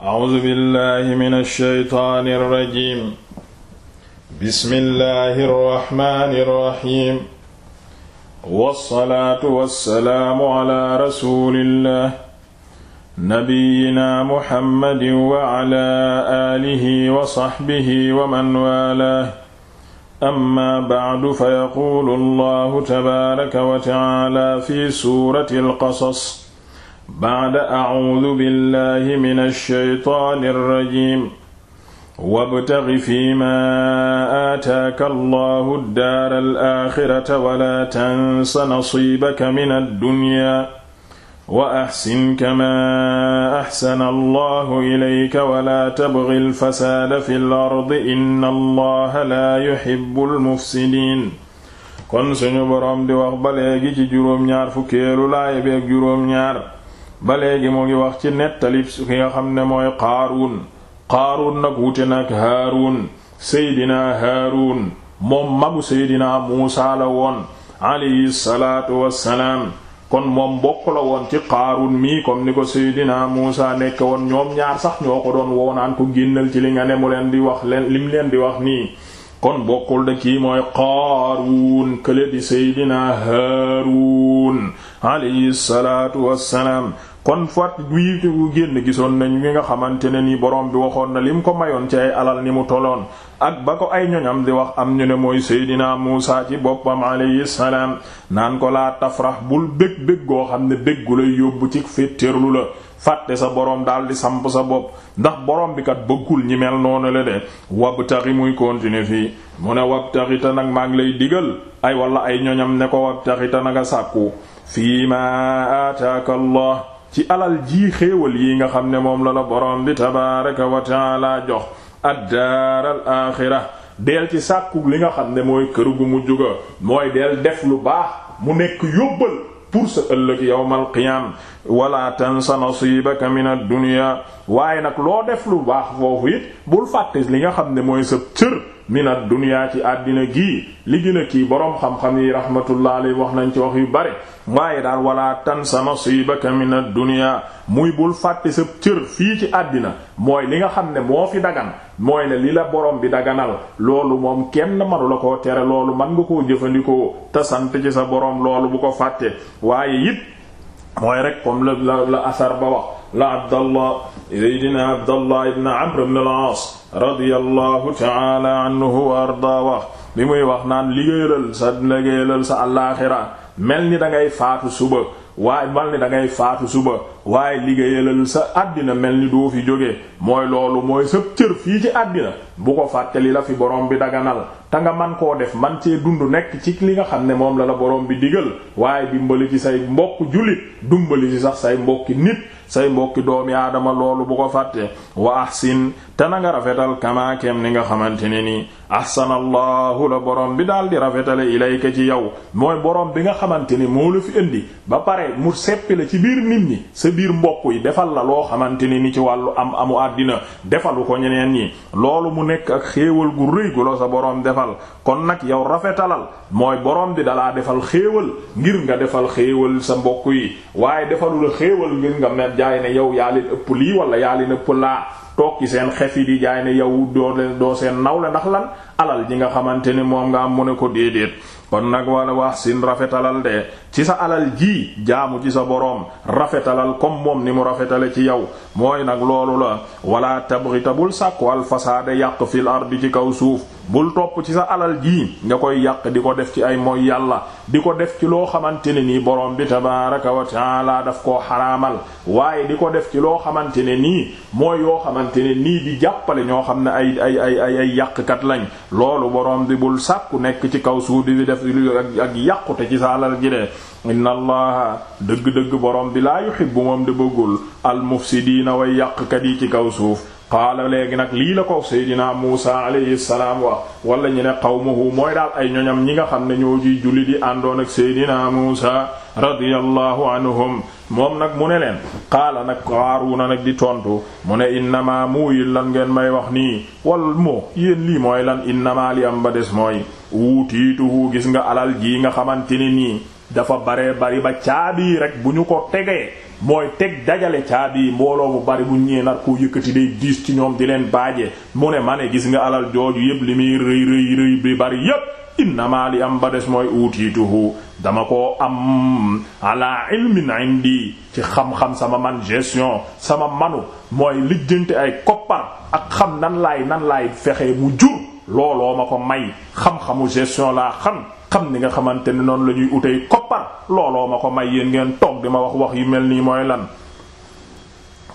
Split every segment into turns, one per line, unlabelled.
A'uuzu billaahi mina shaytaani rajiim. Bismillaahi rahmaani rahiim. Wassalaatu wassalaamu alaa rasuulillaah. Nabiyyinaa Muhammadin wa alaa aalihi wa sahbihi wa man waalaah. Ammaa ba'du fayaquulu Allaahu tabaaraka wa ta'aalaa fi suuratil qasas. bacda acuudu billahi min alsheytaani alrajim wabtaxi fiima aataaka allahu addaara alaaxirata wala tansa nasiibaka min addunyaa wa axsin kamaa axsana allahu ilayka wala tabgi alfasaada fi lardi inna allaha laa yuxibbu almufsidiin kon suñu boroom di wax ba léegi ci juróom-ñaar fukkeelu laaya bi ak juróom-ñaar ba léegi moo ngi wax ci nettali ki nga xam ne mooy qaaruun qaaruun nag wute nag haaruun seydinaa haaruun moom magu seydinaa muusaa la woon alayhi salaatu wassalaam kon moom mbokk la woon ci qaaruun mii comme ni ko seydinaa muusaa nekk woon ñoom ñaar sax ñoo ko doon woonaan ko génnal ci li nga ne mu leen di wax leen lim leen di wax nii kon bokkul de kii mooy qaaruun kële seydinaa haaruun alayhi salaatu wassalaam kon fat wii génn gisoon nañu ngi nga xamante ne nii borom bi waxoon na li mu ko mayoon ci ay alal ni mu toloon ak ba ko ay ñoñam di wax am ñu ne mooy Seydina Muusa ci boppam alayhi salaam naan ko laa tafrax bul bég bég goo xam ne béggu lay yóbbu ci féttérlu la fàtte sa borom daal di samp sa bopp ndax borom bi kat bëggul ñi mel noonu la de wabtaxi muy continuer fii mu ne wabtaxi ta nag maa ngi lay digal ay walla ay ñoñam ne ko wabtaxi ta nag a ci alal jii xéewal yi nga xam ne moom la la borom bi tabaaraka wa taala jox addaaral aaxira deel ci sàkku li nga xam ne mooy kër gu mujj ga mooy deel def lu baax mu nekk yóbbal pour sa ëllëg yawmal qiyaam wala tansa nasiibaka min ad-dunya waaye nag loo def lu baax foofu it bul fàtte li nga xam ne mooy sa cër minad dunya ci àddina gii li gën kii boroom xam-xam yi rahmatullah alayhi wax nañ ci wax yu bari waaye daal wala tansa nasibaka minad dunya muy bul fàtte sa cër fii ci àddina mooy li nga xam ne moo fi dagan mooy ne li la borom bi daganal loolu moom kenn manu la koo tere loolu man nga koo jëfandikoo te ci sa boroom loolu bu ko fàtte waaye it mooy rek comme la la asar ba wax la abdallah seydina abdallah ibn amr ibn radiyallahu taala anhu wa arda wax bi muy wax naan liggéeyalal sa liggéeyalal sa àllaaxira mel ni dangay faatu suba waaye mal ni dangay faatu suba waaye liggéeyalal sa àddina mel ni doo fi jóge mooy loolu mooy sa cër fii ci àddina bu ko fàttali la fi borom bi daganal te nga man koo def man cee dund nekk ci li nga xam ne moom la la borom bi digal waaye dimbali ci say mbokk jullit dumbali ci sax say mbokki nit say mbokki doomi aadama loolu bu ko fàtte waa ahsin te na nga rafetal kama ni nga xamante ne nii ahsanallahu la borom bi daal di rafetale ilayka ci yow mooy borom bi nga xamante ni moo la fi indi ba pare mu seppi la ci biir nit ñi sa biir mbokk yi defal la loo xamante ni ni ci wàllu am amu àddina defalu ko ñeneen yi loolu mu nekk ak xéewal gu rëy gu la sa borom defal kon nag yow rafetalal mooy borom bi dalaa defal xéewal ngir nga defal xéewal sa mbokk yi waaye defalu la xéewal ngir nga mer jaay ne yow yaa ëpp lii wala yaa ëpp laa toog ci seen xef yi di jaay ne yow doo seen nawle ndax lan alal ji nga xamante ni moom nga am mu ne ko déedéet kon nag wala wax sin rafetalal de ci sa alal ji jaamu ci sa boroom rafetalal comme moom ni mu rafetale ci yow mooy nag loolu la walaa tabghita bul sàkku al fasaade yàq fil ardi ci kaw suuf bul topp ci sa alal ji nga koy yàq di ko def ci ay mooy yàlla di ko def ci loo xamante ne nii boroom bi tabaaraka wa taala daf koo xaraamal waaye di ko def xamante ne nii di jàppale ñoo xam ne ay ay ay ay ay yàqkat lañ loolu borom di bul sàkku nekk ci kaw suuf di fi def lu ak ak yàqute ci sa alal ji de inna dëgg-dëgg borom bi laa yuhibbu moom di bëggul al mufsidiina way yàqkat yi ci kaw suuf qaala léegi nag lii la ko seydina Muusa alayhi salaam wa wala ñu ne qawmuhu mooy daal ay ñoñam ñi nga xam ne ñoo ciy julli di àndoon ak seydina Muusa radiyallahu anhum moom nag mu ne leen qaala nag Haaruna nag di tontu mu ne innama muuyi lan ngeen may wax nii wal moo yéen lii mooy lan innama li am ba des mooy wuutiituhu gis nga alal jii nga xamante ni nii dafa bare bari ba caabi rek bu ñu ko tegee mooy teg dajale caabi yi mbooloo mu bari bu ñëwee nar koo yëkkati day diis ci ñoom di leen baaje mu ne ma ne gis nga alal jooju yépp li muy rëy rëy rëy bi bari yépp innamaa li am ba des mooy uutiituhu dama ko am ala ilmin indi ci xam-xam sama man gestion sama manu mooy lijjante ay koppar ak xam nan laay nan laay fexe mu jur looloo ma ko may xam-xamu gestion laa xam xam ni nga xamante ni noonu la ñuy utey koppar looloo ma ko may yéen ngeen toog di ma wax wax yu mel nii mooy lan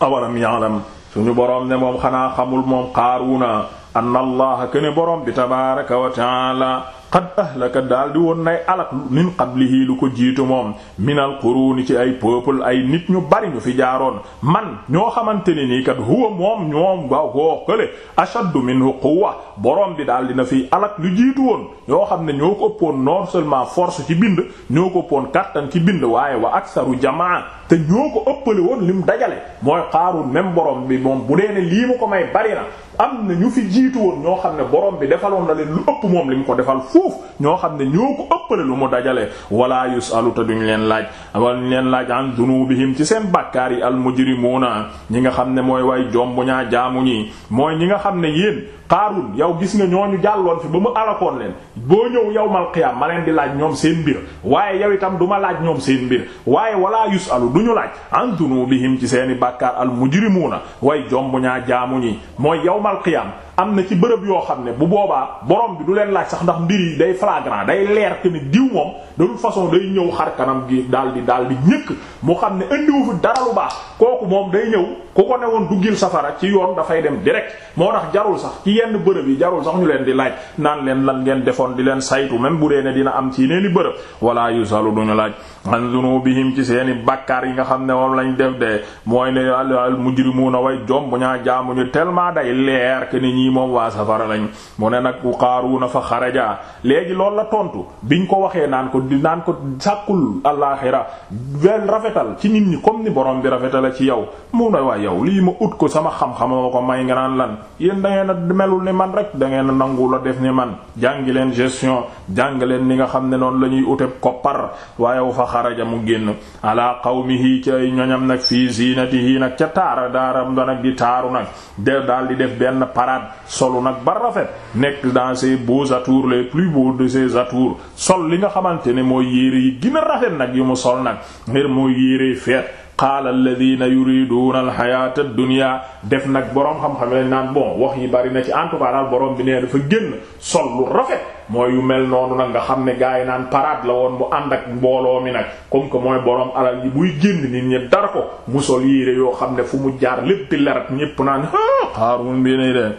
awalam ya'lam suñu boroom ne moom xanaa xamul moom xaaruna anna allaha kene boroom bi tabaraka wa taala qad ahlaka daal di woon nay alak min qablihi lu ko jiitu moom minal quruuni ci ay peuple ay nit ñu bari ñu fi jaaroon man ñoo xamante ne nii kat huwa moom ñoom waaw koo kële ashaddu minhu quwwa borom bi daal na fi alak lu jiitu woon ñoo xam ne ñoo ko ëppoon non seulement force ci bind ñoo ko ëppoon kattan ci bind waaye wa aksaru jamaa te ñoo ko ëppale woon lim dajale mooy Qaaruun même borom bi moom bu dee ne lii mu ko may bari na am na ñu fi jiitu woon ñoo xam ne borom bi defaloon na leen lu ëpp moom li mu ko defal foofu ñoo xam ne ñoo ko ëppale lu mu dajale wala yusalu te duñu leen laaj duñ leen laaj an dunubihim ci seen bàkkaar yi al mujrimuna ñi nga xam ne mooy way jombu ñaa jaamu ñi mooy ñi nga xam ne yéen xaarun yow gis nga ñooñu jàlloon fi ba mu alakoon leen boo ñëw yawmal qiyaam ma leen laaj ñoom seen mbir waaye yow itam du laaj ñoom seen mbir waaye wala yusalu du ñu laaj an dunubihim ci seeni bàkkaar al mujrimuna way jomb ñaa jaamu ñi mooy yow yawmal qiyaam am na ci bërëb yoo xam ne bu boobaa borom bi du leen laaj sax ndax mbir yi day flagrant day leer que ni diw moom de toute façon day ñëw xar kanam gi daal di daal di ñëkk mu xam ne indiwu fi dara lu baax kooku moom day ñëw ku ko ne woon duggil safara ci yoon dafay dem direct moo tax jarul sax ci yenn bërëb yi jarul sax ñu leen di laaj naan leen lan ngeen defoon di leen saytu même bu dee ne am ci yeneen i bërëb wala yusalu duñu laaj an dunubihim ci seeni bàkkaar yi nga xam ne moom lañ def de mooy ne al mujrimuna way jom bu ñaa jaamuñu tellement day leer que ni ñii moom waa safara lañ mu ne nag Qaaruuna fa xaraja léegi loolu la tontu biñ ko waxee naan ko di naan ko sàkkul alaaxira wel rafetal ci nit ñi comme ni borom bi rafetala ci yow mu ne waa yow lii ma ut ko sama xam-xam ma ko may nga naan lan yéen da ngeen a melul ni man rek dangeen ngeen a nangu la def ni man jàngi leen gestion jàngi leen ni nga xam ne noonu la ñuy uteb koppar waaye wu fa xaraja mu génn ala qawmihi ci ay ñoñam nag fii ziinatihi nag ca ta daaram ba nag di solu nag ba rafet nekk dans ses beaux atours les plus beaux de ses atours sol li nga xamante ne mooy yére yi gën a rafet nag yi mu sol nag ngir mooy yére feet qaala alladina yuriduna alxayata dunia def nag boroom xam-xam naan bon wax yi bari na ci en tout cas bi nee dafa génn sol lu rafet mooy yu mel noonu nag nga xam ne gars yi naan parade la woon mu ànd ak mbooloo mi nag comme que mooy boroom alal yi buy génn nit ñi dara ko mu sol yére yoo xam ne fu mu jaar lépp di lerat ñépp naan xaarun bi ne de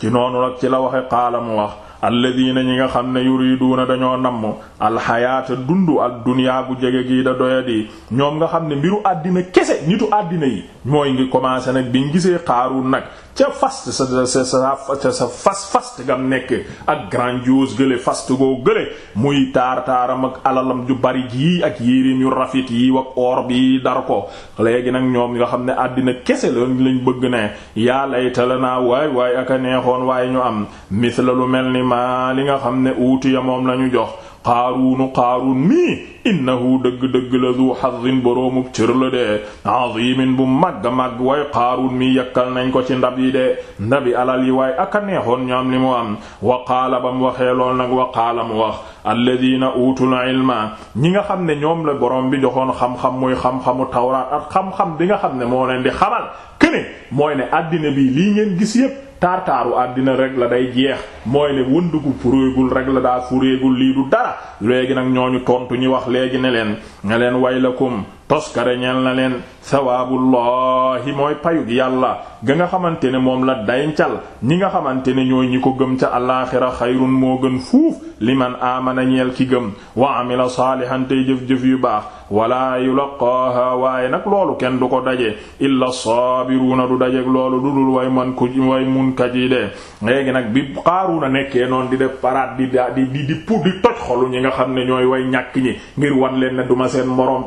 ci noonu nag ci la waxe qaala mu wax alladina ñi nga xam ne yuriduuna dañoo namm alxayaata dund ak duniyaa bu jege gii da doyadi ñoom nga xam ne mbiru àddina kese nitu àddina yi mooy ngi commencé nag bi biñ gisee xaarul nag ca fast sa sa sa sa fas fast gam nekk ak grandiose gële fast goo gële muy taar taaram ak alalam ju bari ji ak yéreem yu rafet yi wak or bi dar ko léegi nag ñoom nga xam ne àddina kese lañ lañ bëgg ne yaa layta lanaa waay waaye ak a neexoon waaye ñu am mithla lu mel ni maa li nga xam ne uutu ya moom lañu jox qaaruunu qaaruun mii innahu dëgg-dëgg la du xadin boroomub cër la dee azimin bu màgg màgg way qaaruun mii yàkkal nañ ko ci ndab yi dee ndabi alal yi waaye aka neexoon ñoom li mu am wa qaala bam waxee lool nag wa qaala mu wax alladina utul ilma ñi nga xam ne ñoom la borom bi joxoon xam-xam muy xam-xamu tawraat ak xam-xam bi nga xam ne moo leen di xamal këne mooy ne àddina bi lii ngeen gis yépp taar-taaru àddina rek la day jeex mooy ne wëndugu furéegul rek la daa furéegul lii du dara léegi nag ñooñu tontu ñi wax léegi ne leen ne leen waylakum toskare ñeel na leen sawaabullahi mooy payug yàlla ga nga xamante ne moom la dayncal ñi nga xamante ne ñooy ñi ko gëm ca alaaxira xayrun moo gën fuuf liman aamana ñeel ki gëm wa amila saalihan tey jëf-jëf yu baax wala yulaqaaha waaye nag loolu kenn du ko daje illa saabiruuna du dajeek loolu du dul way man ku way munkat yi de léegi nag bi Qaaruuna nekkee noonu di def paraat di di di di toj xolu ñi nga xam ne ñooy way ñàkk ñi ngir wan leen duma seen moroom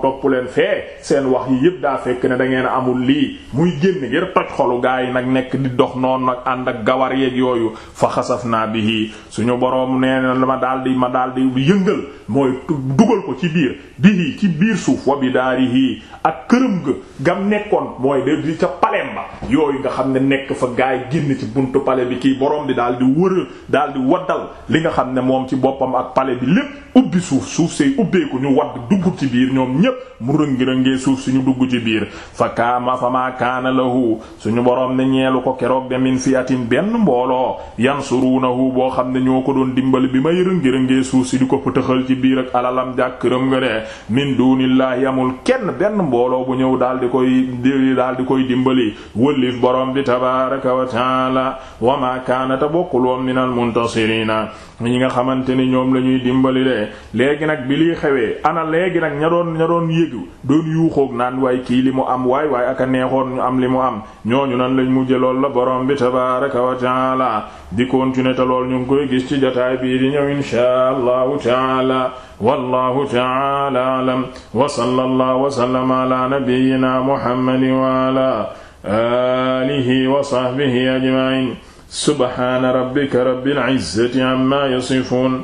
yee seen wax yi yëpp daa fekk ne da ngeen amul lii muy génn ngir toj xolu gaa yi nag nekk di dox noonu nag ànd ak gawar yeeg yooyu fa xasaf naa bihi suñu boroom nee na ma daldi ma daldi yëngal mooy dugal ko ci biir bi bihi ci biir suuf wa bi daarihi ak këram ga gam nekkoon mooy de di ca paleem ba yooyu nga xam ne nekk fa gaa yi génn ci buntu pale bi kii boroom bi daldi wër daldi waddal li nga xam ne moom ci boppam ak pale bi lépp ubbi suuf suuf ngirëngee suuf suñu dugg ci biir fa kaama fa maa kaana lahu suñu boroom ne ñeelu ko keroog de min fiatin benn mbooloo yansuruunahu boo xam ne ñoo ko doon dimbali bi may rëngi-rëngee suuf si di ko pëtëxal ci biir ak alalam jàkkëram nga ne min dunillahi amul kenn benn mbooloo bu ñëw daal di koy daal di koy dimbali wëllif boroom bi tabaraka wa taala wa maa kaana te bokkul woon minal muntasirina ñi nga xamante ni ñoom la ñuy dimbali de léegi nag bi lii xewee ana léegi nag ña doon ña doon yuuxoog naan waay kii li mu am waay waay aka neexoon ñu am li mu am ñooñu nan lañ mujje lool la borom bi tabaraka wa taala di continuer te lool ñu ngi koy gis ci jotaay bii di ñëw inshaa allahu taala wallahu taala alam wa sallallahu wa sallama ala nabiyyina muhammadin wa ala alihi wa sahbihi ajma'in subhana rabbika rabbil izzati amma yasifun